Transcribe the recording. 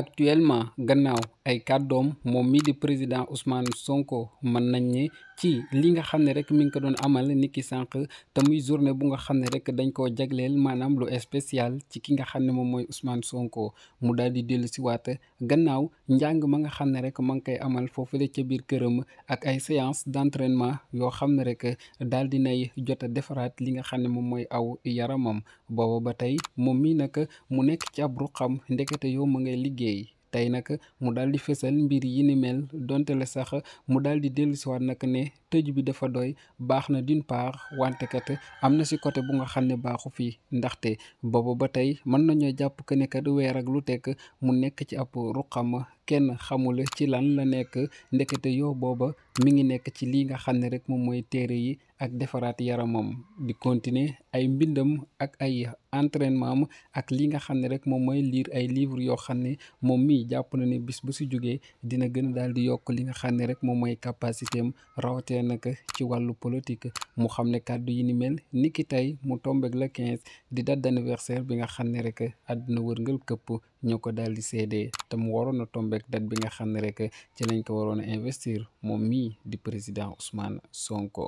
actuellement gannaaw ay kàddoom moom mii di président Ousmane Sonko mën nañ ne ci li nga xam ne rek mi ngi ko doon amal niki sànq te muy journée bu nga xam ne rek dañ koo jagleel maanaam lu spécial ci ki nga xam ne moom mooy Ousmane Sonko mu daal di dellu si waat gannaaw njàng ma nga xam ne rek ma ngi koy amal foofu foofule ca biir këram ak ay séance d'entraînement yoo xam ne rek daal di nay jot a defaraat li nga xam ne moom mooy aw yaramam booba ba tey moom mii nag mu nekk ci ab liggéey tey nag mu daal di fësal mbir yi ni mel donte la sax mu daal di dellusiwaat nag ne tëj bi dafa doy baax na d'une part wante kat am na si côté bu nga xam ne baaxu fii ndaxte booba ba tey mën nañoo jàpp que ne kat weer ak lu tekk mu nekk ci ab ruqam kenn xamula ci lan la nekk ndekete yoo booba mi ngi nekk ci lii nga xam ne rek moom mooy téere yi ak defaraat yaramam di continuer ay mbindam ak ay entraînement am ak li nga xam ne rek moom mooy liir ay livres yoo xam ne moom mii jàpp na ne bis bu si jógee dina gën a daal di yokk li nga xam ne rek moom mooy capacité am jàllee ci wàllu politique mu xam ne kàddu yi ni mel niki tey mu tombeeg la 15 di date d' anniversaire bi nga xam ne rek àdduna wërngal këpp ñoo ko daal di te mu waroon a tombeeg date bi nga xam ne rek ci lañ ko waroon a investir moom mii di président Ousmane Sonko.